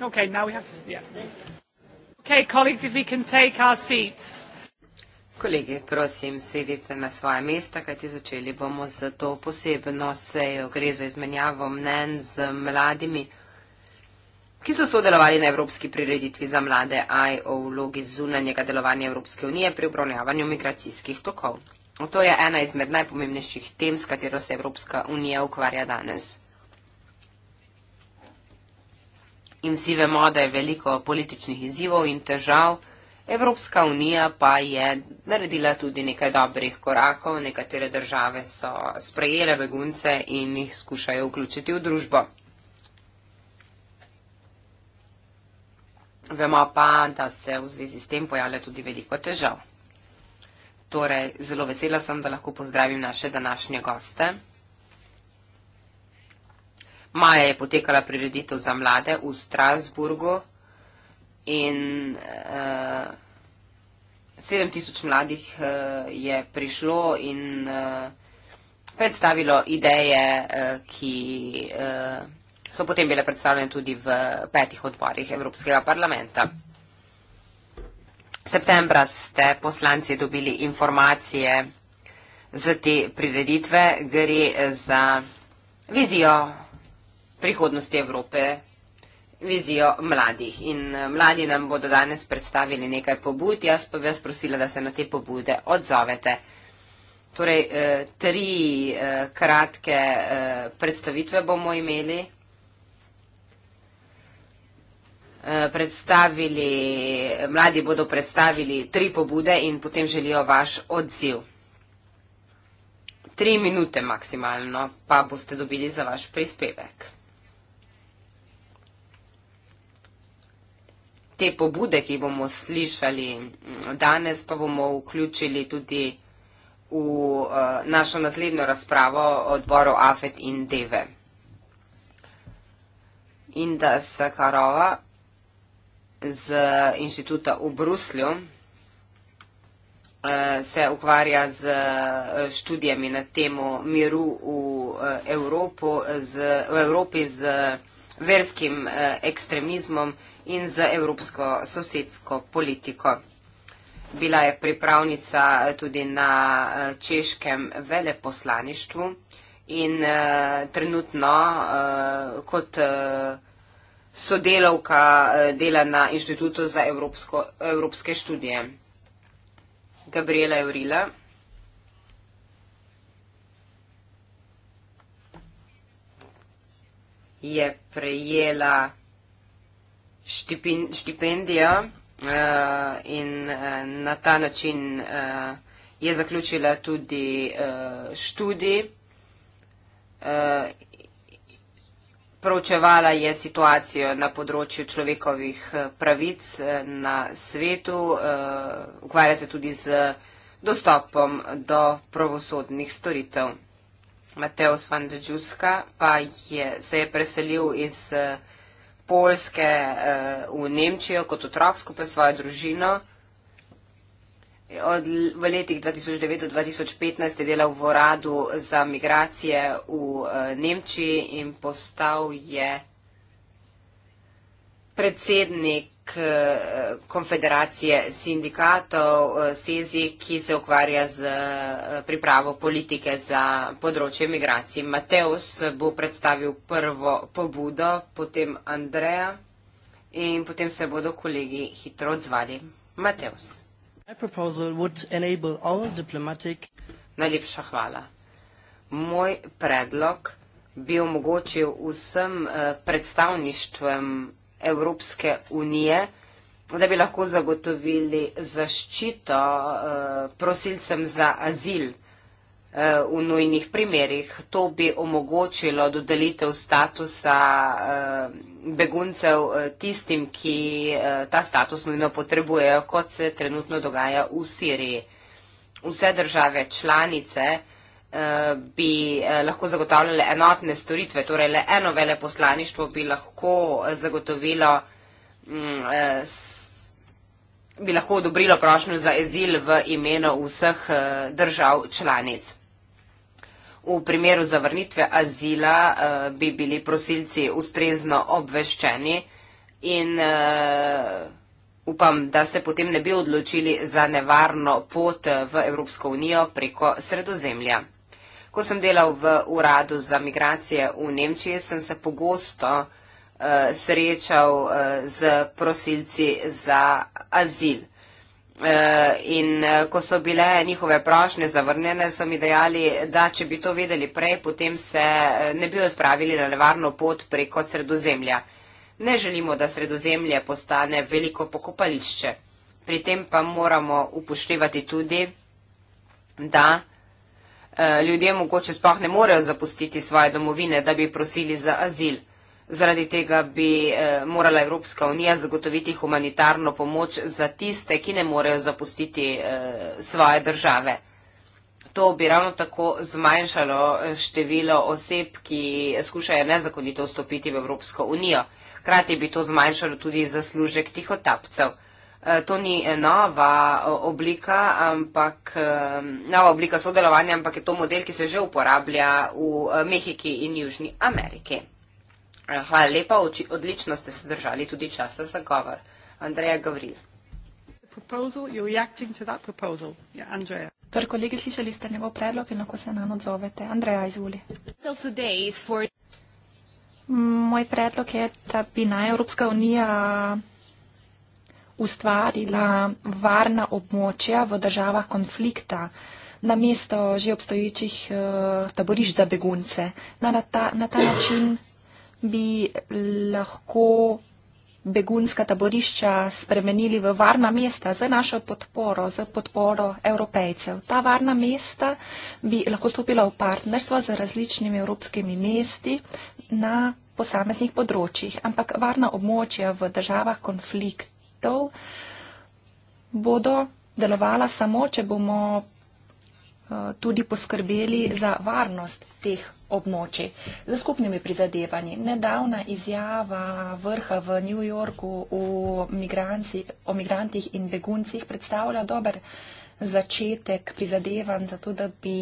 Okay, now we have to. Yeah. Okay, colleagues, if we can take our seats. Kolegi, prosim, sedite na svoje mesta, kajti začeli bomo z to posebno sejo. Gre za izmenjavo mnen z mladimi, ki so sodelovali na Evropski prireditvi za mlade AI o vlogi zunanjega delovanja Evropske unije pri obravnavanju migracijskih tokov. To je ena izmed najpomembnejših tem, s katero se Evropska unija ukvarja danes. in vsi vemo, da je veliko političnih izzivov in težav, Evropska unija pa je naredila tudi nekaj dobrih korakov, nekatere države so sprejele begunce in jih skušajo vključiti v družbo. Vemo pa, da se v zvezi s tem pojavlja tudi veliko težav. Torej, zelo vesela sem, da lahko pozdravim naše današnje goste. Maja je potekala prireditev za mlade v Strasburgu in uh, eh, 7000 mladih uh, je prišlo in uh, predstavilo ideje, uh, ki uh, so potem bile predstavljene tudi v petih odborih Evropskega parlamenta. Septembra ste poslanci dobili informacije za te prireditve. Gre za vizijo prihodnosti Evrope, vizijo mladih. In eh, mladi nam bodo danes predstavili nekaj pobud, jaz pa bi vas prosila, da se na te pobude odzovete. Torej, eh, tri eh, kratke predstavitve bomo imeli. Predstavili, mladi bodo predstavili tri pobude in potem želijo vaš odziv. Tri minute maksimalno pa boste dobili za vaš prispevek. te pobude, ki bomo slišali danes, pa bomo vključili tudi v eh, našo naslednjo razpravo odborov AFET in DEVE. Inda Sakarova z inštituta v Bruslju eh, se ukvarja z eh, študijami na temo miru v, Evropo, z, v Evropi z verskim eh, ekstremizmom in z evropsko sosedsko politiko. Bila je pripravnica eh, tudi na eh, češkem veleposlaništvu in trenutno kot sodelovka dela na Inštitutu za evropsko, evropske študije. Gabriela Eurila. je prejela štipin, štipendijo uh, in uh, na ta način uh, je zaključila tudi uh, študij. Uh, Pročevala je situacijo na področju človekovih pravic na svetu, ukvarja se tudi z dostopom do pravosodnih storitev. Mateus van de Džuska, pa je, se je preselil iz eh, Polske eh, v Nemčijo kot otrok skupaj s svojo družino. Od, v letih 2009 do 2015 je delal v uradu za migracije v eh, Nemčiji in postal je predsednik predsednik eh, konfederacije sindikatov eh, SEZI, ki se ukvarja z eh, pripravo politike za področje migracij. Mateus bo predstavil prvo pobudo, potem Andreja in potem se bodo kolegi hitro odzvali. Mateus. Diplomatic... Najlepša hvala. Moj predlog bi omogočil vsem predstavništvem Evropske unije, da bi lahko zagotovili zaščito eh, prosilcem za azil eh, v nujnih primerih. To bi omogočilo dodelitev statusa eh, beguncev tistim, ki ta status nujno potrebujejo, kot se trenutno dogaja v Siriji. Vse države članice bi eh, lahko zagotavljale enotne storitve, torej le eno veleposlaništvo bi lahko zagotovilo, mm, eh, bi lahko odobrilo prošnjo za ezil v imeno vseh eh, držav članic. V primeru zavrnitve azila bi bili prosilci ustrezno obveščeni in upam, da se potem ne bi odločili za nevarno pot v Evropsko unijo preko sredozemlja. Ko sem delal v uradu za migracije v Nemčiji, sem se pogosto uh, srečal uh, z prosilci za azil. Uh, in uh, ko so bile njihove prošnje zavrnjene, so mi dejali, da če bi to vedeli prej, potem se uh, ne bi odpravili na nevarno pot preko sredozemlja. Ne želimo, da sredozemlje postane veliko pokopališče. Pri tem pa moramo upoštevati tudi, da Eh, ljudje mogoče sploh ne morejo zapustiti svoje domovine, da bi prosili za azil. Zaradi tega bi eh, morala Evropska unija zagotoviti humanitarno pomoč za tiste, ki ne morejo zapustiti eh, svoje države. To bi ravno tako zmanjšalo število oseb, ki skušajo nezakonito vstopiti v Evropsko unijo. Hkrati bi to zmanjšalo tudi zaslužek tihotapcev. Eh, to ni eh, nova oblika, ampak eh, nova oblika sodelovanja, ampak je to model, ki se že uporablja v Mehiki in Južni Ameriki. Hvala lepa, oči, odlično ste se držali tudi časa za govor. Andreja Gavril. Ja, torej, kolegi, slišali ste njegov predlog in lahko se nam odzovete. Andreja, izvoli. Moj predlog je, da bi naj Evropska unija ustvarila varna območja v državah konflikta na mesto že obstoječih uh, taborišč za begunce. Na, na, ta, na ta način bi lahko begunska taborišča spremenili v varna mesta za našo podporo, za podporo evropejcev. Ta varna mesta bi lahko stopila v partnerstvo z različnimi evropskimi mesti na posameznih področjih, ampak varna območja v državah konflikta projektov bodo delovala samo, če bomo eh, tudi poskrbeli za varnost teh območij za skupnimi prizadevanji. Nedavna izjava vrha v New Yorku o, migranci, o migrantih in beguncih predstavlja dober začetek prizadevanj za to, da bi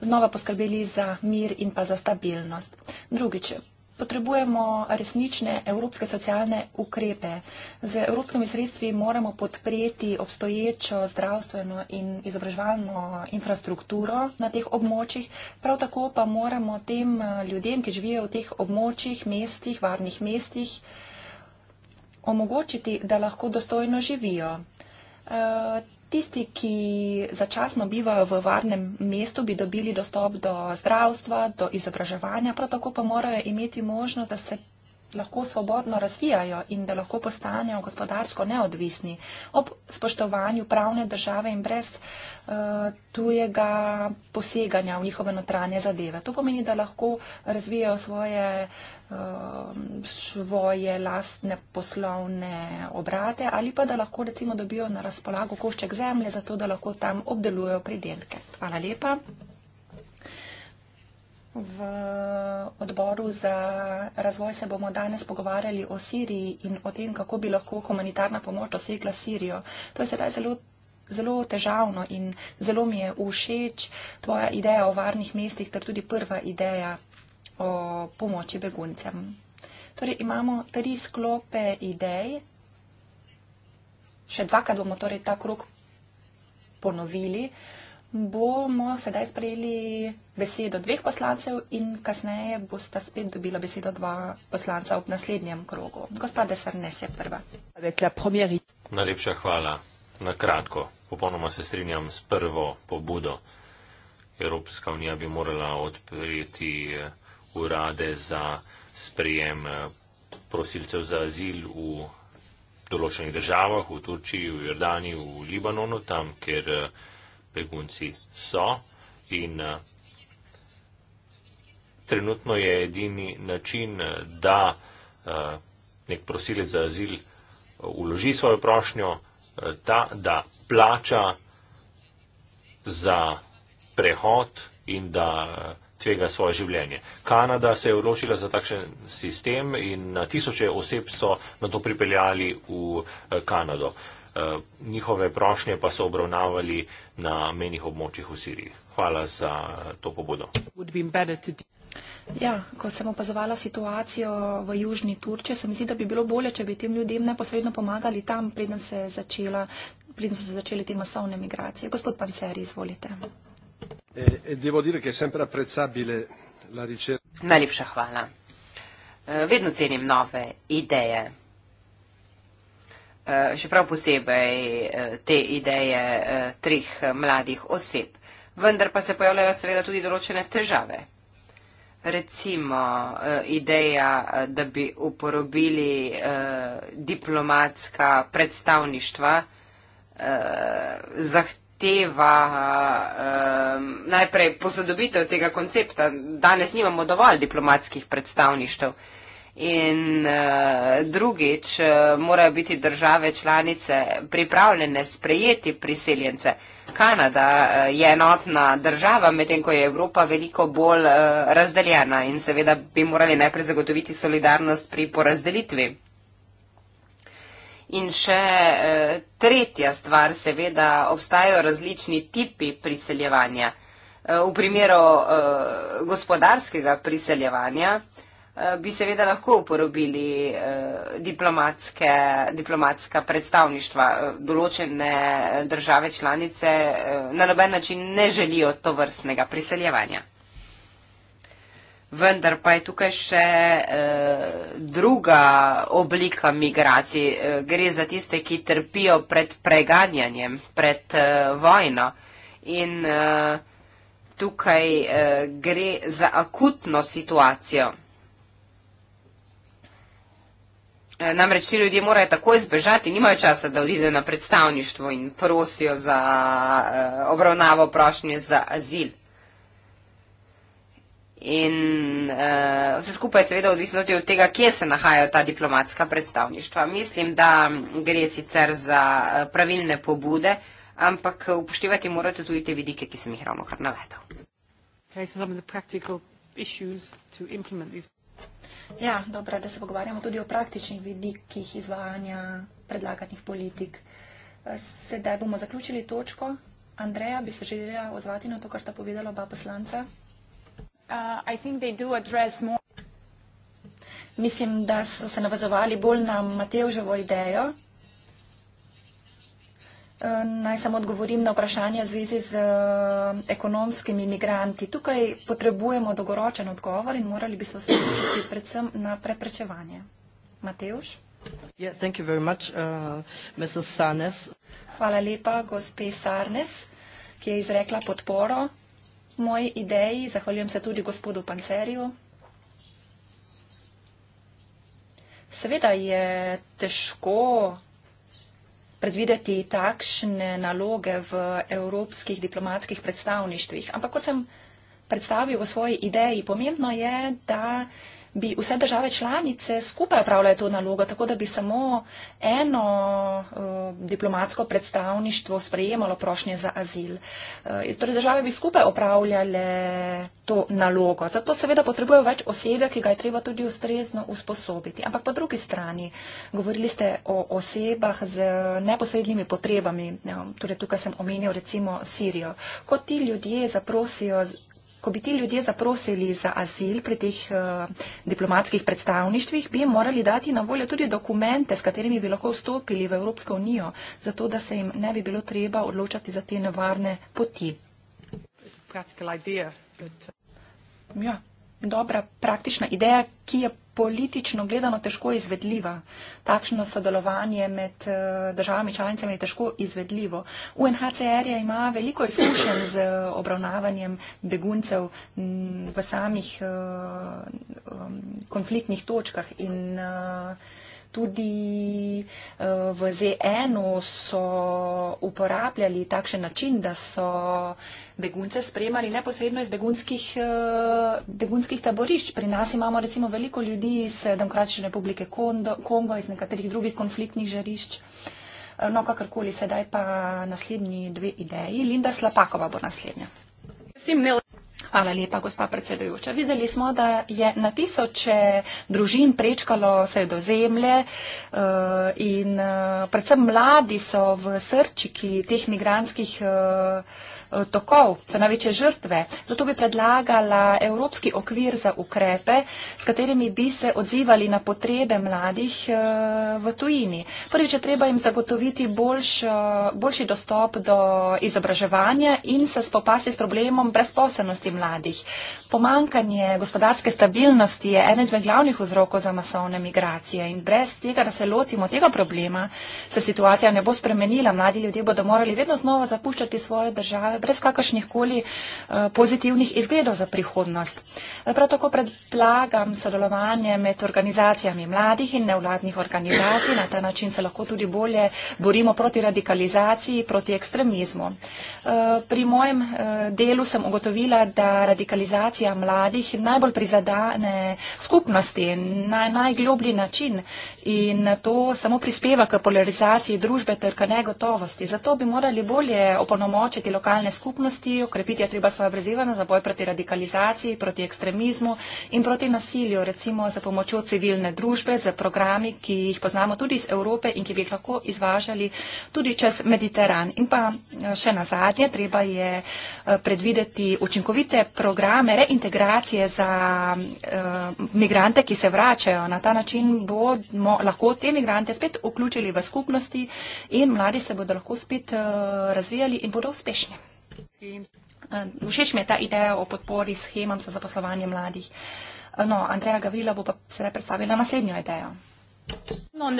znova poskrbeli za mir in pa za stabilnost. Drugič, Potrebujemo resnične evropske socialne ukrepe. Z evropskimi sredstvi moramo podpreti obstoječo zdravstveno in izobraževalno infrastrukturo na teh območjih. Prav tako pa moramo tem eh, ljudem, ki živijo v teh območjih, mestih, varnih mestih, omogočiti, da lahko dostojno živijo. Eh, Tisti, ki začasno bivajo v varnem mestu, bi dobili dostop do zdravstva, do izobraževanja, prav tako pa morajo imeti možnost, da se lahko svobodno razvijajo in da lahko postanejo gospodarsko neodvisni ob spoštovanju pravne države in brez uh, tujega poseganja v njihove notranje zadeve. To pomeni, da lahko razvijajo svoje, uh, svoje lastne poslovne obrate ali pa da lahko recimo dobijo na razpolago košček zemlje, zato da lahko tam obdelujejo pridelke. Hvala lepa. V odboru za razvoj se bomo danes pogovarjali o Siriji in o tem, kako bi lahko humanitarna pomoč dosegla Sirijo. To je sedaj zelo, zelo težavno in zelo mi je všeč tvoja ideja o varnih mestih ter tudi prva ideja o pomoči beguncem. Torej imamo tri sklope idej. Še dvakrat bomo torej ta krok ponovili. Uh, bomo sedaj sprejeli besedo dveh poslancev in kasneje bosta spet dobila besedo dva poslanca ob naslednjem krogu. Gospa Desarnes je prva. Najlepša hvala. Na kratko, popolnoma se strinjam s prvo pobudo. Evropska unija bi morala odpreti eh, urade za sprejem eh, prosilcev za azil v določenih državah, v Turčiji, v Jordani, v Libanonu, tam, ker eh, begunci so in eh, trenutno je edini način, eh, da eh, nek prosilec za azil uloži svojo prošnjo, ta, da plača za prehod in da tvega svoje življenje. Kanada se je odločila za takšen sistem in na tisoče oseb so na to pripeljali v Kanado. Eh, njihove prošnje pa so obravnavali na menih območjih v Siriji. Hvala za eh, to pobudo. Ja, ko sem opazovala situacijo v južni Turčiji, se mi zdi, da bi bilo bolje, če bi tem ljudem neposredno pomagali tam, preden, se začela, preden so se začele te masovne migracije. Gospod Panceri, izvolite. Eh, Najlepša hvala. Vedno cenim nove ideje. Eh, še prav posebej eh, te ideje eh, treh mladih oseb. Vendar pa se pojavljajo seveda tudi določene težave. Recimo ideja, da bi uporobili diplomatska predstavništva, zahteva najprej posodobitev tega koncepta. Danes nimamo dovolj diplomatskih predstavništv. In uh, drugič, uh, morajo biti države članice pripravljene sprejeti priseljence. Kanada uh, je enotna država, medtem ko je Evropa veliko bolj uh, razdeljena in seveda bi morali najprej zagotoviti solidarnost pri porazdelitvi. In še uh, tretja stvar, seveda obstajajo različni tipi priseljevanja. Uh, v primeru uh, gospodarskega priseljevanja. Eh, bi seveda lahko uporabili eh, diplomatska predstavništva. Eh, določene države članice na noben način ne želijo to vrstnega priseljevanja. Vendar pa je tukaj še druga oblika migracij. Gre za tiste, ki trpijo pred preganjanjem, pred vojno. In tukaj gre za akutno situacijo. Eh, namreč ti ljudje morajo takoj zbežati, nimajo časa, da odidejo na predstavništvo in prosijo za eh, obravnavo prošnje za azil. In uh, vse skupaj je seveda odvisno tudi od tega, kje se nahajajo ta diplomatska predstavništva. Mislim, da gre sicer za pravilne pobude, ampak upoštevati morate tudi te vidike, ki sem jih ravno kar navedel. Okay, so Ja, dobro, da se pogovarjamo tudi o praktičnih vidikih izvajanja predlaganih politik. Eh, sedaj bomo zaključili točko. Andreja, bi se želela ozvati na to, kar sta povedala oba poslanca? Uh, Mislim, da so se navazovali bolj na Mateuževo idejo. Naj samo odgovorim na vprašanje v zvezi z eh, ekonomskimi imigranti. Tukaj potrebujemo dogoročen odgovor in morali bi se osredotočiti predvsem na preprečevanje. Mateuš? Uh, Hvala lepa, gospe Sarnes, ki je izrekla podporo moji ideji. Zahvaljujem se tudi gospodu Panceriju. Seveda je težko vprašanje, predvideti takšne naloge v evropskih diplomatskih predstavništvih. Ampak kot sem predstavil v svoji ideji, pomembno je, da bi vse države članice skupaj upravljale to nalogo, tako da bi samo eno uh, diplomatsko predstavništvo sprejemalo prošnje za azil. Uh, torej države bi skupaj upravljale to nalogo. Zato seveda potrebujejo več osebja, ki ga je treba tudi ustrezno usposobiti. Ampak po drugi strani, govorili ste o osebah z neposrednimi potrebami. Ja, torej tukaj sem omenil recimo Sirijo. Ko ti ljudje zaprosijo Ko bi ti ljudje zaprosili za azil pri teh uh, diplomatskih predstavništvih, bi jim morali dati na voljo tudi dokumente, s katerimi bi lahko vstopili v Evropsko unijo, zato da se jim ne bi bilo treba odločati za te nevarne poti. Idea, but... Uh, ja, dobra praktična ideja, ki je politično gledano težko izvedljiva. Takšno sodelovanje med eh, državami članicami je težko izvedljivo. UNHCR je ima veliko izkušenj z eh, obravnavanjem beguncev v samih eh, konfliktnih točkah in uh, Tudi eh, v ZN-u so uporabljali takšen način, da so begunce spremali neposredno iz begunskih, eh, begunskih taborišč. Pri nas imamo recimo veliko ljudi iz Demokratične republike Kongo, iz nekaterih drugih konfliktnih žarišč. Eh, no, kakorkoli, sedaj pa naslednji dve ideji. Linda Slapakova bo naslednja. Simil. Hvala lepa, gospa predsedujoča. Videli smo, da je na tisoče družin prečkalo sredozemlje eh, in eh, predvsem mladi so v srčiki teh migranskih eh, tokov, so največje žrtve. Zato bi predlagala Evropski okvir za ukrepe, s katerimi bi se odzivali na potrebe mladih v tujini. Prvič je treba jim zagotoviti boljš, boljši dostop do izobraževanja in se spopasti s problemom brezposobnosti mladih mladih. Pomankanje gospodarske stabilnosti je eden izmed glavnih vzrokov za masovne migracije in brez tega, da se lotimo tega problema, se situacija ne bo spremenila. Mladi ljudje bodo morali vedno znova zapuščati svoje države brez kakršnih koli eh, pozitivnih izgledov za prihodnost. Prav tako predlagam sodelovanje med organizacijami mladih in nevladnih organizacij. Na ta način se lahko tudi bolje borimo proti radikalizaciji, proti ekstremizmu. Eh, pri mojem eh, delu sem ugotovila, da radikalizacija mladih najbolj prizadane skupnosti na najgloblji način in to samo prispeva k polarizaciji družbe ter k negotovosti. Zato bi morali bolje opolnomočiti lokalne skupnosti, okrepiti je treba svojo prezivanost za boj proti radikalizaciji, proti ekstremizmu in proti nasilju, recimo za pomočjo civilne družbe, za programi, ki jih poznamo tudi iz Evrope in ki bi jih lahko izvažali tudi čez Mediteran. In pa eh, še na zadnje, treba je eh, predvideti učinkovite programe reintegracije za uh, migrante, ki se vračajo. Na ta način bomo lahko te migrante spet vključili v skupnosti in mladi se bodo lahko spet uh, razvijali in bodo uspešni. Uh, všeč mi je ta ideja o podpori schemam za zaposlovanje mladih. No, Andreja Gavrila bo pa sedaj predstavila naslednjo idejo. No,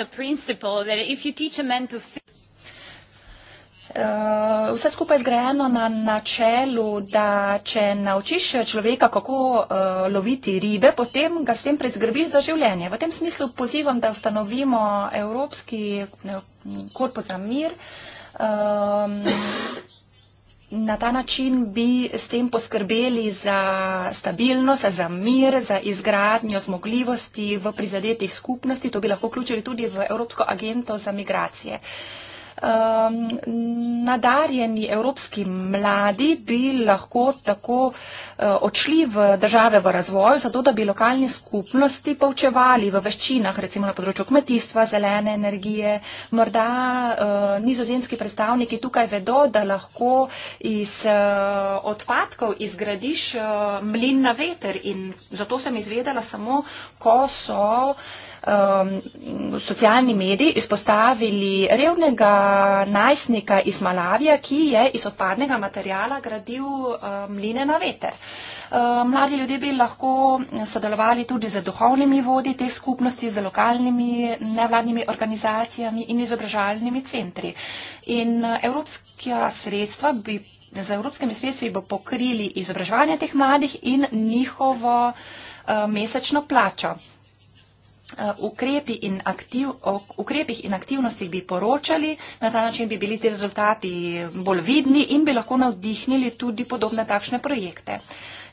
Eh, vse skupaj zgrajeno na načelu, da če naučiš človeka, kako uh, loviti ribe, potem ga s tem prezgrbiš za življenje. V tem smislu pozivam, da ustanovimo Evropski eh, korpus za mir. Um, Na ta način bi s tem poskrbeli za stabilnost, za mir, za izgradnjo zmogljivosti v prizadetih skupnosti. To bi lahko vključili tudi v Evropsko agento za migracije. Uh, um, nadarjeni evropski mladi bi lahko tako uh, odšli v države v razvoju, zato da bi lokalni skupnosti poučevali v veščinah, recimo na področju kmetijstva, zelene energije. Morda uh, nizozemski predstavniki tukaj vedo, da lahko iz uh, odpadkov izgradiš uh, mlin na veter in zato sem izvedela samo, ko so um, socialni mediji izpostavili revnega najstnika iz Malavija, ki je iz odpadnega materijala gradil um, mline na veter. Um, mladi ljudje bi lahko sodelovali tudi z duhovnimi vodi teh skupnosti, z lokalnimi nevladnimi organizacijami in izobražalnimi centri. In uh, bi, z evropskimi sredstvi bi pokrili izobraževanje teh mladih in njihovo uh, mesečno plačo. Eh, ukrepi in aktiv, o ukrepih in aktivnostih bi poročali, na ta način bi bili ti rezultati bolj vidni in bi lahko navdihnili tudi podobne takšne projekte.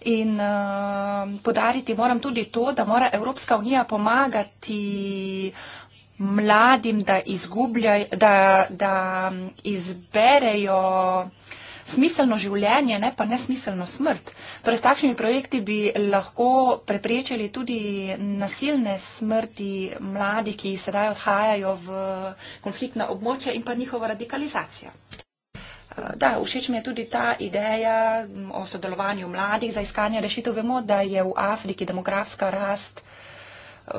In uh, podariti moram tudi to, da mora Evropska unija pomagati mladim, da, da, da mm, izberejo uh, smiselno življenje, ne pa nesmiselno smrt. Torej, s takšnimi projekti bi lahko preprečili tudi nasilne smrti mladih, ki sedaj odhajajo v konfliktna območja in pa njihovo radikalizacijo. Eh, da, všeč mi je tudi ta ideja mm, o sodelovanju mladih za iskanje rešitev. Vemo, da je v Afriki demografska rast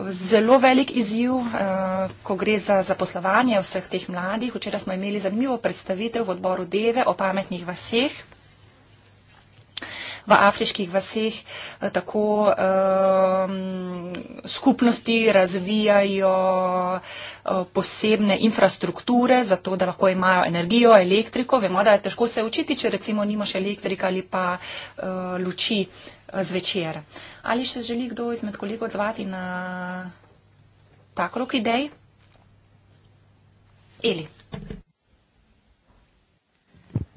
zelo velik izziv, eh, ko gre za zaposlovanje vseh teh mladih. Včeraj smo imeli zanimivo predstavitev v odboru Deve o pametnih vaseh. V afriških vaseh eh, tako um, skupnosti razvijajo eh, posebne infrastrukture, zato da lahko imajo energijo, elektriko. Vemo, da je težko se učiti, če recimo nimaš elektrika ali pa uh, luči. Uh, zvečer. Ali še želi kdo izmed kolegov odzvati na tak rok idej? Eli.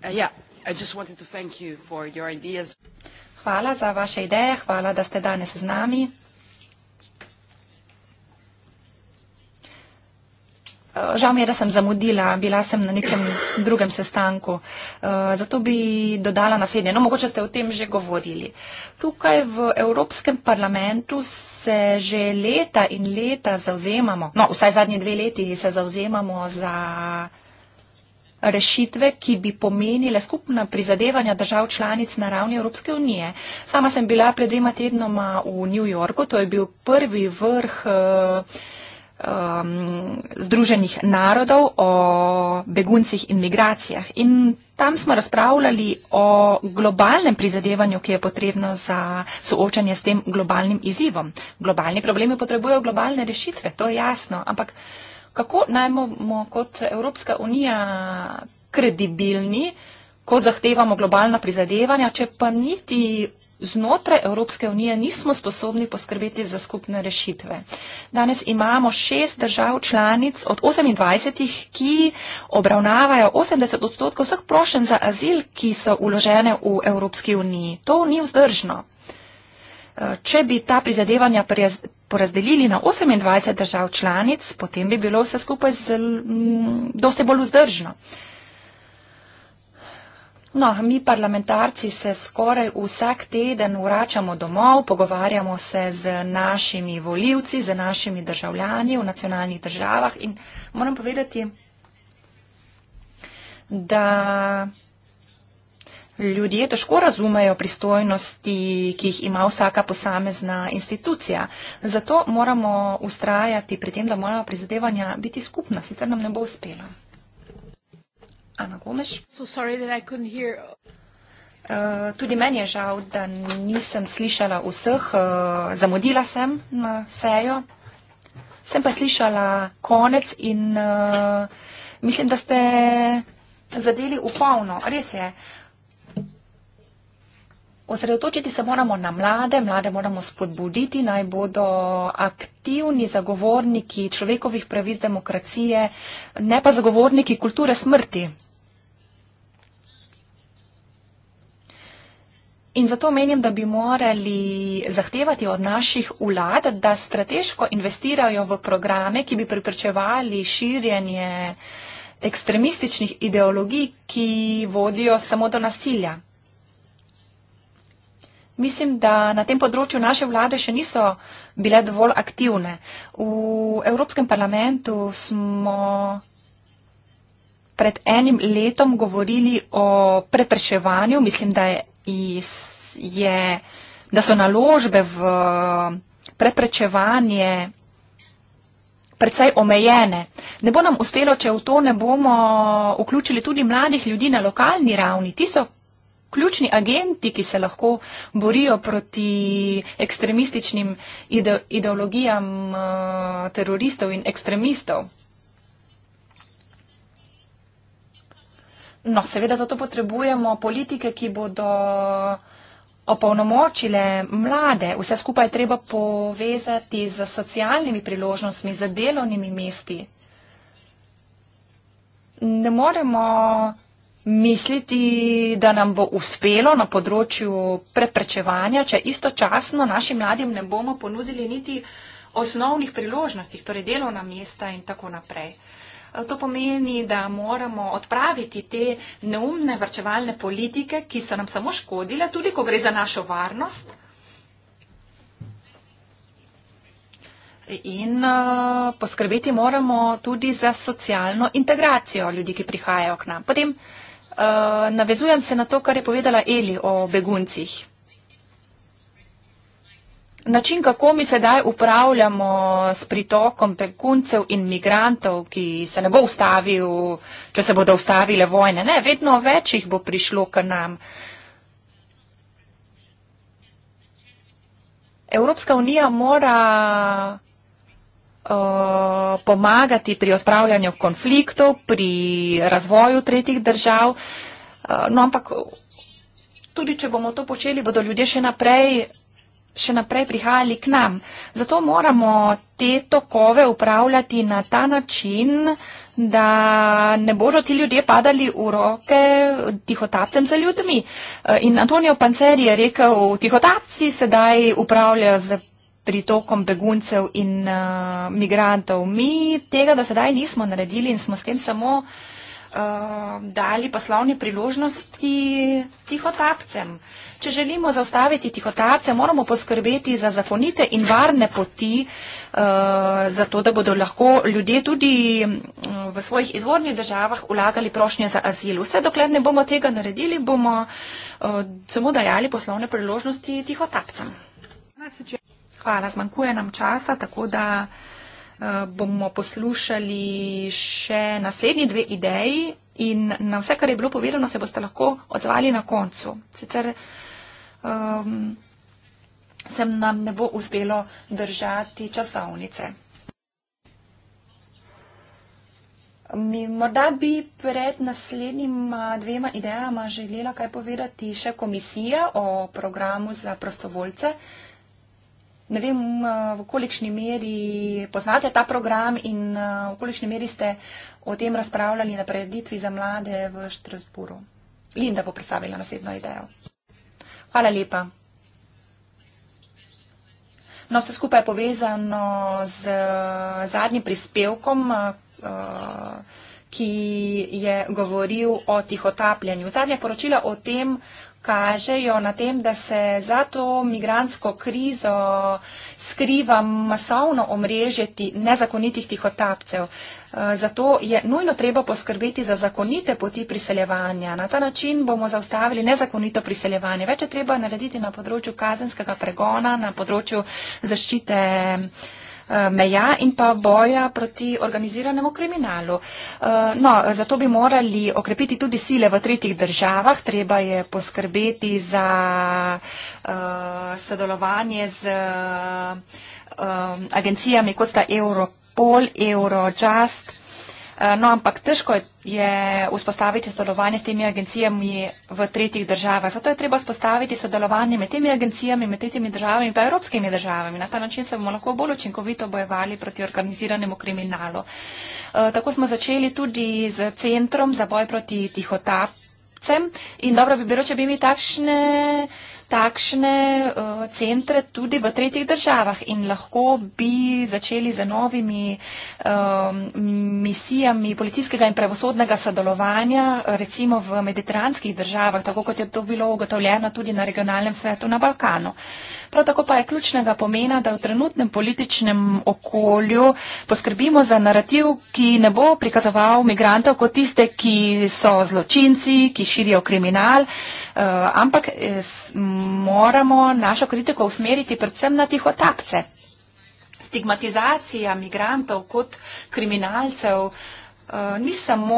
Uh, yeah. Hvala za vaše ideje, hvala, da ste danes z nami. Eh, žal mi je, da sem zamudila, bila sem na nekem drugem sestanku. Eh, zato bi dodala naslednje. No, mogoče ste o tem že govorili. Tukaj v Evropskem parlamentu se že leta in leta zauzemamo, no, vsaj zadnji dve leti se zauzemamo za rešitve, ki bi pomenile skupna prizadevanja držav članic na ravni Evropske unije. Sama sem bila pred dvema tednoma v New Yorku, to je bil prvi vrh. Uh, um, Združenih narodov o beguncih in migracijah. In tam smo razpravljali o globalnem prizadevanju, ki je potrebno za soočanje s tem globalnim izzivom. Globalni problemi potrebujejo globalne rešitve, to je jasno. Ampak kako najmo kot Evropska unija kredibilni, ko zahtevamo globalna prizadevanja, če pa niti znotraj Evropske unije nismo sposobni poskrbeti za skupne rešitve. Danes imamo šest držav članic od 28, ki obravnavajo 80 odstotkov vseh prošen za azil, ki so uložene v Evropski uniji. To ni vzdržno. Eh, če bi ta prizadevanja porazdelili na 28 držav članic, potem bi bilo vse skupaj mm, dosti bolj vzdržno. No, mi parlamentarci se skoraj vsak teden vračamo domov, pogovarjamo se z našimi voljivci, z našimi državljani v nacionalnih državah in moram povedati, da ljudje težko razumejo pristojnosti, ki jih ima vsaka posamezna institucija. Zato moramo ustrajati pri tem, da morajo prizadevanja biti skupna, sicer nam ne bo uspelo. Ana Gomes. So uh, tudi meni je žal, da nisem slišala vseh, uh, zamudila sem na sejo. Sem pa slišala konec in uh, mislim, da ste zadeli upavno. Res je. Osredotočiti se moramo na mlade, mlade moramo spodbuditi, naj bodo aktivni zagovorniki človekovih pravic demokracije, ne pa zagovorniki kulture smrti. In zato menim, da bi morali zahtevati od naših vlad, da strateško investirajo v programe, ki bi priprečevali širjenje ekstremističnih ideologij, ki vodijo samo do nasilja. Mislim, da na tem področju naše vlade še niso bile dovolj aktivne. V Evropskem parlamentu smo pred enim letom govorili o preprečevanju, mislim, da je je, da so naložbe v preprečevanje predvsej omejene. Ne bo nam uspelo, če v to ne bomo vključili tudi mladih ljudi na lokalni ravni. Ti so ključni agenti, ki se lahko borijo proti ekstremističnim ideologijam eh, teroristov in ekstremistov. No, seveda zato potrebujemo politike, ki bodo opolnomočile mlade. Vse skupaj je treba povezati z socialnimi priložnostmi, z delovnimi mesti. Ne moremo misliti, da nam bo uspelo na področju preprečevanja, če istočasno našim mladim ne bomo ponudili niti osnovnih priložnosti, torej delovna mesta in tako naprej. To pomeni, da moramo odpraviti te neumne vrčevalne politike, ki so nam samo škodile, tudi ko gre za našo varnost. In uh, poskrbeti moramo tudi za socialno integracijo ljudi, ki prihajajo k nam. Potem uh, navezujem se na to, kar je povedala Eli o beguncih. Način, kako mi sedaj upravljamo s pritokom peguncev in migrantov, ki se ne bo ustavil, če se bodo ustavile vojne. Ne, vedno več jih bo prišlo k nam. Evropska unija mora uh, pomagati pri odpravljanju konfliktov, pri razvoju tretjih držav. Uh, no, ampak tudi, če bomo to počeli, bodo ljudje še naprej še naprej prihajali k nam. Zato moramo te tokove upravljati na ta način, da ne bodo ti ljudje padali v roke tihotapcem za ljudmi. E, in Antonijo Pancer je rekel, tihotapci sedaj upravljajo z pritokom beguncev in uh, migrantov. Mi tega do sedaj nismo naredili in smo s tem samo uh, Um, dali poslovne priložnosti tihotapcem. Če želimo zaustaviti tihotapce, moramo poskrbeti za zakonite in varne poti, uh, zato da bodo lahko ljudje tudi mm, v svojih izvornih državah ulagali prošnje za azil. Vse dokler ne bomo tega naredili, bomo uh, samo dajali poslovne priložnosti tihotapcem. Hvala, zmanjkuje nam časa, tako da. Eh, bomo poslušali še naslednji dve ideji in na vse, kar je bilo povedano, se boste lahko odzvali na koncu. Sicer um, sem nam ne bo uspelo držati časovnice. Mi morda bi pred naslednjima dvema idejama želela kaj povedati še komisija o programu za prostovoljce, Ne vem, eh, v kolikšni meri poznate ta program in eh, v kolikšni meri ste o tem razpravljali na preditvi za mlade v Štrasburu. Linda bo predstavila naslednjo idejo. Hvala lepa. No, vse skupaj je povezano z eh, zadnjim prispevkom, ki je govoril o tihotapljanju. Zadnje poročilo o tem, kažejo na tem, da se za to migransko krizo skriva masovno omrežje nezakonitih tihotapcev. Eh, zato je nujno treba poskrbeti za zakonite poti priseljevanja. Na ta način bomo zaustavili nezakonito priseljevanje. Več je treba narediti na področju kazenskega pregona, na področju zaščite Eh, meja in pa boja proti organiziranemu kriminalu. Eh, no, zato bi morali okrepiti tudi sile v tretjih državah, treba je poskrbeti za eh, sodelovanje z agencijami kot sta Europol, Eurojust, Eh, no, ampak težko je vzpostaviti sodelovanje s temi agencijami v tretjih državah. Zato je treba vzpostaviti sodelovanje med temi agencijami, med tretjimi državami in pa evropskimi državami. Na ta način se bomo lahko bolj učinkovito bojevali proti organiziranemu kriminalu. Eh, tako smo začeli tudi z centrom za boj proti tihotapcem in dobro bi bilo, če bi mi takšne takšne eh, centre tudi v tretjih državah in lahko bi začeli z novimi eh, misijami policijskega in pravosodnega sodelovanja, recimo v mediteranskih državah, tako kot je to bilo ugotovljeno tudi na regionalnem svetu na Balkanu. Prav tako pa je ključnega pomena, da v trenutnem političnem okolju poskrbimo za narativ, ki ne bo prikazoval migrantov kot tiste, ki so zločinci, ki širijo kriminal. Eh, ampak eh, moramo našo kritiko usmeriti predvsem na tih otapce. Stigmatizacija migrantov kot kriminalcev. Eh, ni samo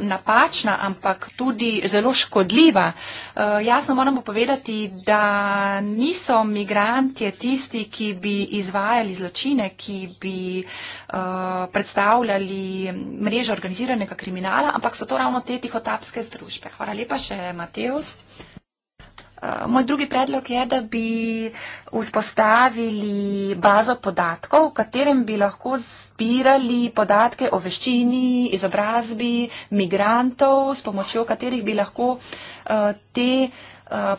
napačna, ampak tudi zelo škodljiva. Eh, jasno moramo povedati, da niso migrantje tisti, ki bi izvajali zločine, ki bi eh, predstavljali mrežo organiziranega kriminala, ampak so to ravno te tihotapske združbe. Hvala lepa še, Mateus moj drugi predlog je, da bi vzpostavili bazo podatkov, v katerem bi lahko zbirali podatke o veščini, izobrazbi migrantov, s pomočjo katerih bi lahko eh, te eh,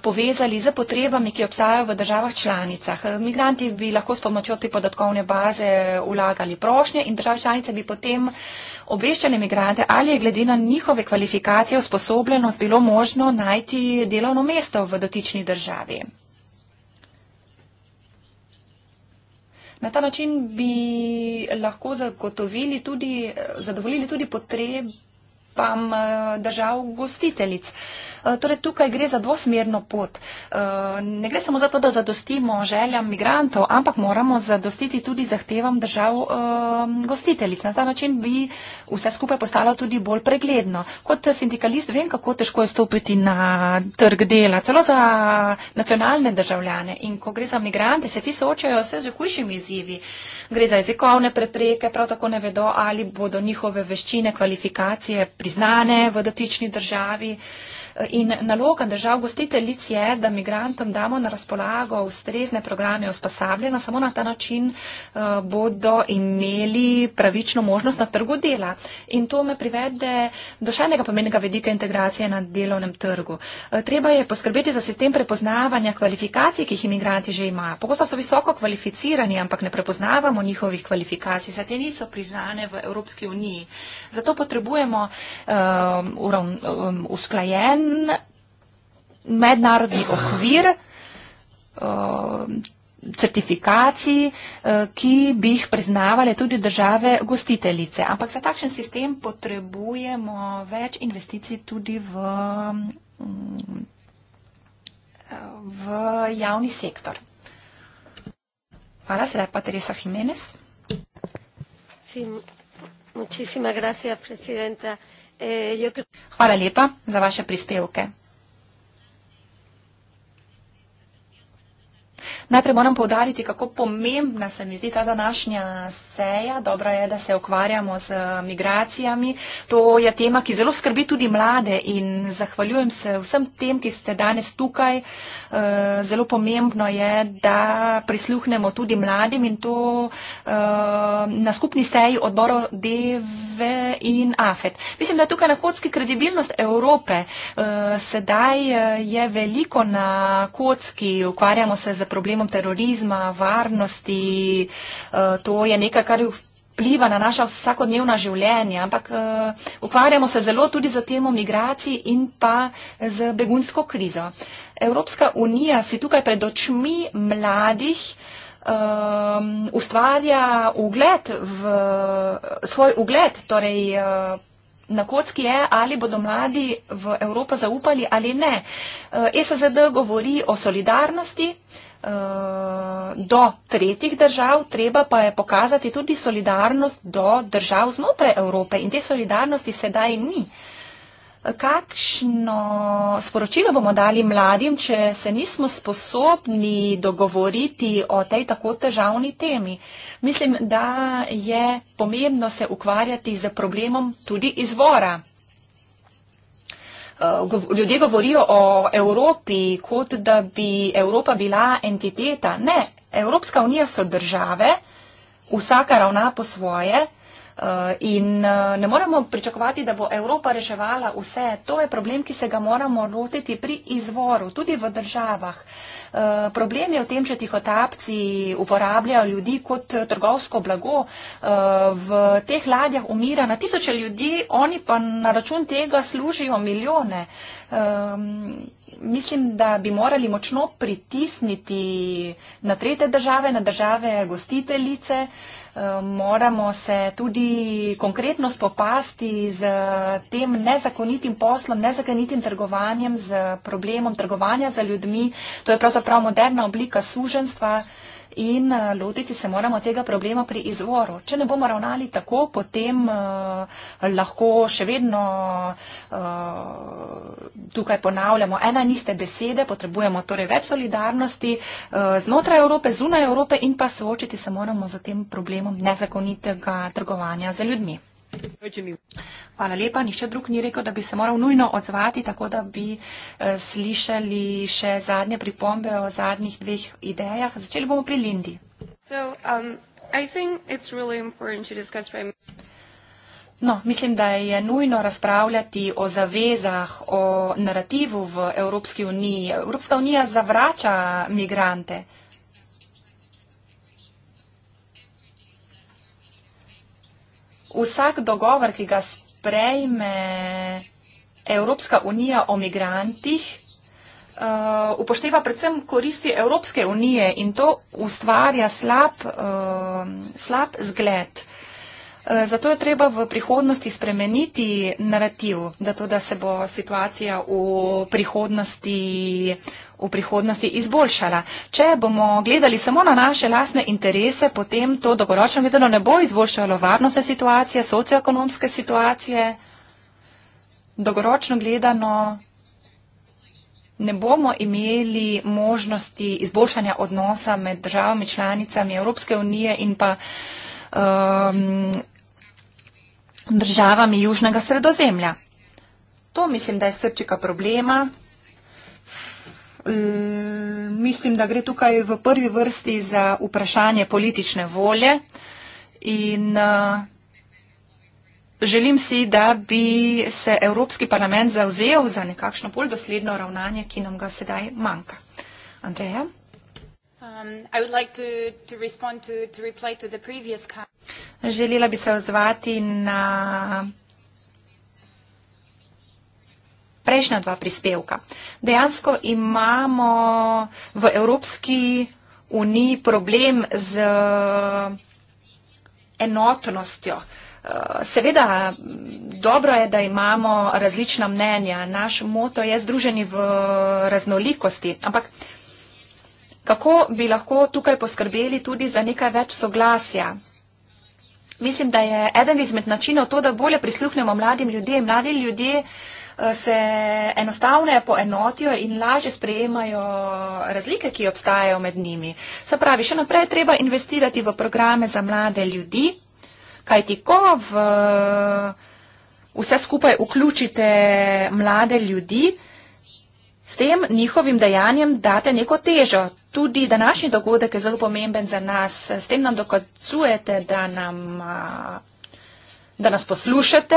povezali z potrebami, ki obstajajo v državah članicah. Migranti bi lahko s pomočjo te podatkovne baze ulagali prošnje in države članice bi potem uh, obveščali imigrante, ali je glede na njihove kvalifikacije, usposobljenost bilo možno najti delovno mesto v dotični državi. Na ta način bi lahko zagotovili tudi, zadovoljili tudi potrebam eh, držav gostiteljic. Uh, Eh, torej, tukaj gre za dvosmerno pot. Eh, ne gre samo za to, da zadostimo željam migrantov, ampak moramo zadostiti tudi zahtevam držav eh, gostiteljic. Na ta način bi vse skupaj postalo tudi bolj pregledno. Kot sindikalist vem, kako težko je stopiti na trg dela, celo za nacionalne državljane. In ko gre za migrante, se ti soočajo vse z hujšimi izzivi. Gre za jezikovne prepreke, prav tako ne vedo, ali bodo njihove veščine, kvalifikacije priznane v dotični državi. In naloga držav gostiteljic je, da migrantom damo na razpolago ustrezne programe usposabljanja, samo na ta način eh, bodo imeli pravično možnost na trgu dela. In to me privede do še enega pomenega vedika integracije na delovnem trgu. Eh, treba je poskrbeti za sistem prepoznavanja kvalifikacij, ki jih imigranti že imajo. Pogosto so visoko kvalificirani, ampak ne prepoznavamo njihovih kvalifikacij, saj te niso priznane v Evropski uniji. Zato potrebujemo um, um, usklajen mednarodni okvir eh, certifikacij, eh, ki bi jih priznavale tudi države gostiteljice. Ampak za takšen sistem potrebujemo več investicij tudi v, mm, v javni sektor. Hvala, sedaj pa Teresa Jimenez. Sim, muchísima gracias, presidenta. Eh, Hvala lepa za vaše prispevke. Najprej moram povdariti, kako pomembna se mi zdi ta današnja seja. Dobro je, da se ukvarjamo z eh, migracijami. To je tema, ki zelo skrbi tudi mlade in zahvaljujem se vsem tem, ki ste danes tukaj. Eh, zelo pomembno je, da prisluhnemo tudi mladim in to eh, na skupni seji odborov DV in AFET. Mislim, da je tukaj na kocki kredibilnost Evrope. Sedaj je veliko na kocki. Ukvarjamo se z problemi problemom terorizma, varnosti. Eh, to je nekaj, kar vpliva na naša vsakodnevna življenja, ampak eh, ukvarjamo se zelo tudi z temo migracij in pa z begunsko krizo. Evropska unija si tukaj pred očmi mladih um, ustvarja ugled v, svoj ugled. Torej, eh, Na kocki je, ali bodo mladi v Evropo zaupali ali ne. ESZD govori o solidarnosti, uh, Eh, do tretjih držav, treba pa je pokazati tudi solidarnost do držav znotraj Evrope in te solidarnosti sedaj ni. Kakšno sporočilo bomo dali mladim, če se nismo sposobni dogovoriti o tej tako težavni temi? Mislim, da je pomembno se ukvarjati z problemom tudi izvora. Eh, ljudje govorijo o Evropi, kot da bi Evropa bila entiteta. Ne, Evropska unija so države, vsaka ravna po svoje. Eh, in eh, ne moremo pričakovati, da bo Evropa reševala vse. To je problem, ki se ga moramo lotiti pri izvoru, tudi v državah. Eh, problem je v tem, če tihotapci uporabljajo ljudi kot trgovsko blago. V teh ladjah umira na tisoče ljudi, oni pa na račun tega služijo milijone. Mislim, da bi morali močno pritisniti na trete države, na države gostiteljice moramo se tudi konkretno spopasti z tem nezakonitim poslom, nezakonitim trgovanjem, z problemom trgovanja za ljudmi. To je pravzaprav moderna oblika suženstva in eh, lotiti se moramo tega problema pri izvoru. Če ne bomo ravnali tako, potem uh, lahko še vedno uh, tukaj ponavljamo ena niste besede, potrebujemo torej več solidarnosti uh, znotraj Evrope, zunaj Evrope in pa soočiti se moramo z tem problemom nezakonitega trgovanja za ljudmi. Hvala lepa. Nihče drug ni rekel, da bi se moral nujno odzvati, tako da bi eh, slišali še zadnje pripombe o zadnjih dveh idejah. Začeli bomo pri Lindi. So, um, I think it's really important to discuss prime... No, mislim, da je nujno razpravljati o zavezah, o narativu v Evropski uniji. Evropska unija zavrača migrante. vsak dogovor, ki ga sprejme Evropska unija o migrantih, Uh, upošteva predvsem koristi Evropske unije in to ustvarja slab, uh, slab zgled uh, Eh, zato je treba v prihodnosti spremeniti narativ, zato da se bo situacija v prihodnosti v prihodnosti izboljšala. Če bomo gledali samo na naše lasne interese, potem to dolgoročno gledano ne bo izboljšalo varnostne situacije, socioekonomske situacije. Dolgoročno gledano ne bomo imeli možnosti izboljšanja odnosa med državami članicami Evropske unije in pa um, državami Južnega sredozemlja. To mislim, da je srčika problema. E, mislim, da gre tukaj v prvi vrsti za vprašanje politične volje in e, želim si, da bi se Evropski parlament zauzel za nekakšno bolj dosledno ravnanje, ki nam ga sedaj manjka. Andreja? Um, Želela bi se odzvati na prejšnja dva prispevka. Dejansko imamo v Evropski uniji problem z enotnostjo. Eh, seveda, dobro je, da imamo različna mnenja. Naš moto je združeni v raznolikosti, ampak kako bi lahko tukaj poskrbeli tudi za nekaj več soglasja. Mislim, da je eden izmed načinov to, da bolje prisluhnemo mladim ljudem. Mladi ljudje eh, se enostavno poenotijo in lažje sprejemajo razlike, ki obstajajo med njimi. Se pravi, še naprej treba investirati v programe za mlade ljudi, kajti ko v eh, vse skupaj vključite mlade ljudi, s tem njihovim dejanjem date neko težo tudi današnji dogodek je zelo pomemben za nas. S tem nam dokazujete, da, nam, da nas poslušate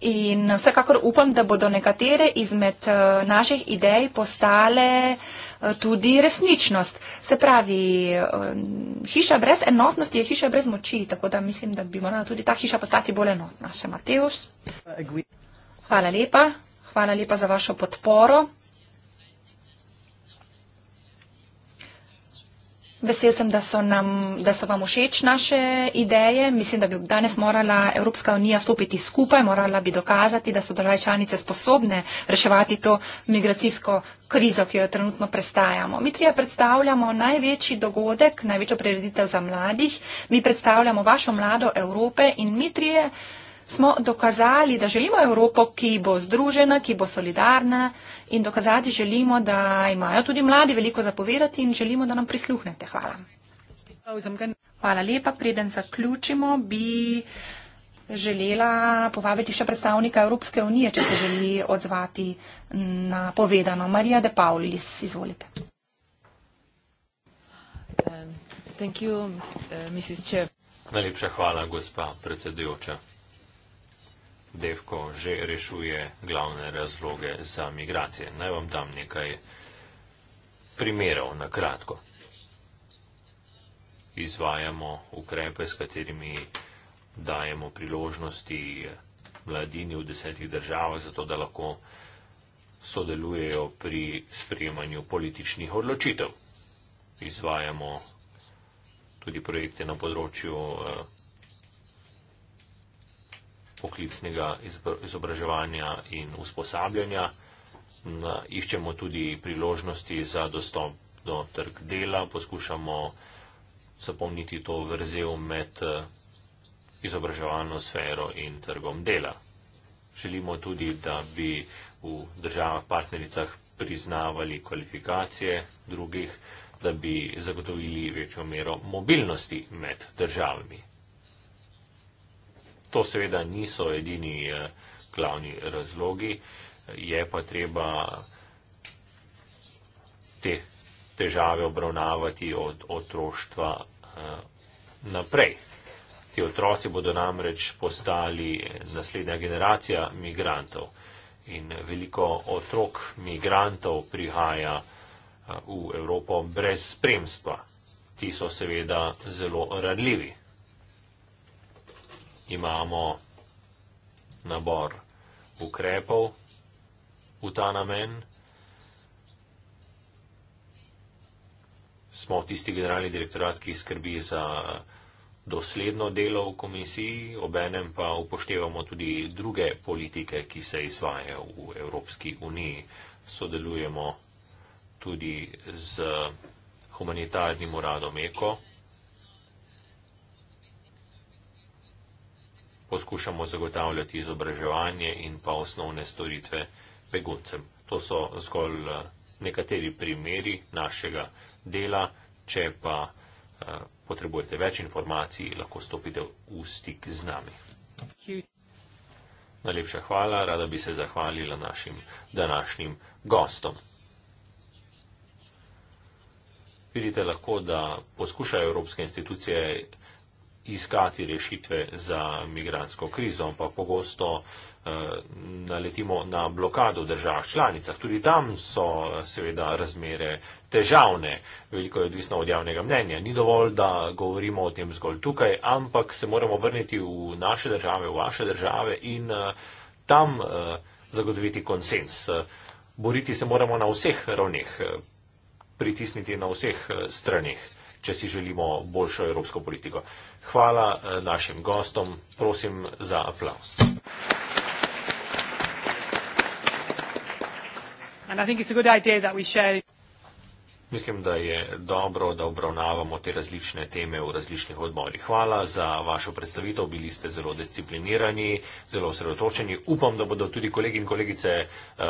in vsekakor upam, da bodo nekatere izmed naših idej postale tudi resničnost. Se pravi, hiša brez enotnosti je hiša brez moči, tako da mislim, da bi morala tudi ta hiša postati bolj enotna. Še Mateus. Hvala lepa. Hvala lepa za vašo podporo. Vesel sem, da so, nam, da so vam všeč naše ideje. Mislim, da bi danes morala Evropska unija stopiti skupaj, morala bi dokazati, da so države članice sposobne reševati to migracijsko krizo, ki jo trenutno prestajamo. Mi trije predstavljamo največji dogodek, največjo prireditev za mladih. Mi predstavljamo vašo mlado Evrope in mi trije smo dokazali, da želimo Evropo, ki bo združena, ki bo solidarna in dokazati želimo, da imajo tudi mladi veliko zapovedati in želimo, da nam prisluhnete. Hvala. Hvala lepa. Preden zaključimo, bi želela povabiti še predstavnika Evropske unije, če se želi odzvati na povedano. Marija De Paulis, izvolite. Um, you, uh, Najlepša hvala, gospa predsedujoča. Devko že rešuje glavne razloge za migracije. Naj vam dam nekaj primerov na kratko. Izvajamo ukrepe, s katerimi dajemo priložnosti mladini v desetih državah, zato da lahko sodelujejo pri sprejemanju političnih odločitev. Izvajamo tudi projekte na področju eh, poklicnega izobraževanja in usposabljanja. Iščemo tudi priložnosti za dostop do trg dela, poskušamo zapomniti to vrzel med izobraževalno sfero in trgom dela. Želimo tudi, da bi v državah partnericah priznavali kvalifikacije drugih, da bi zagotovili večjo mero mobilnosti med državami. To seveda niso edini eh, glavni razlogi, je pa treba te težave obravnavati od otroštva eh, naprej. Ti otroci bodo namreč postali naslednja generacija migrantov in veliko otrok migrantov prihaja eh, v Evropo brez spremstva. Ti so seveda zelo radljivi imamo nabor ukrepov v ta namen. Smo tisti generalni direktorat, ki skrbi za dosledno delo v komisiji, obenem pa upoštevamo tudi druge politike, ki se izvajajo v Evropski uniji. Sodelujemo tudi z humanitarnim uradom ECO. poskušamo zagotavljati izobraževanje in pa osnovne storitve beguncem. To so zgolj eh, nekateri primeri našega dela, če pa eh, potrebujete več informacij, lahko stopite v stik z nami. Najlepša hvala, rada bi se zahvalila našim današnjim gostom. Vidite lahko, da poskušajo evropske institucije iskati rešitve za migransko krizo, ampak pogosto eh, naletimo na blokado v državah članicah. Tudi tam so eh, seveda razmere težavne. Veliko je odvisno od javnega mnenja. Ni dovolj, da govorimo o tem zgolj tukaj, ampak se moramo vrniti v naše države, v vaše države in eh, tam zagotoviti konsens. Boriti se moramo na vseh ravneh, pritisniti na vseh stranih če si želimo boljšo evropsko politiko. Hvala eh, našim gostom, prosim za aplaus. Mislim, da je dobro, da obravnavamo te različne teme v različnih odborih. Hvala za vašo predstavitev. Bili ste zelo disciplinirani, zelo osredotočeni. Upam, da bodo tudi kolegi in kolegice. Uh,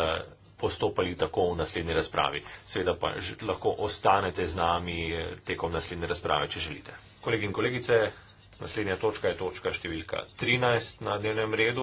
postopali tako v naslednji razpravi. Seveda pa lahko ostanete z nami eh, tekom naslednje razprave, če želite. Kolegi in kolegice, naslednja točka je točka številka 13 na dnevnem redu.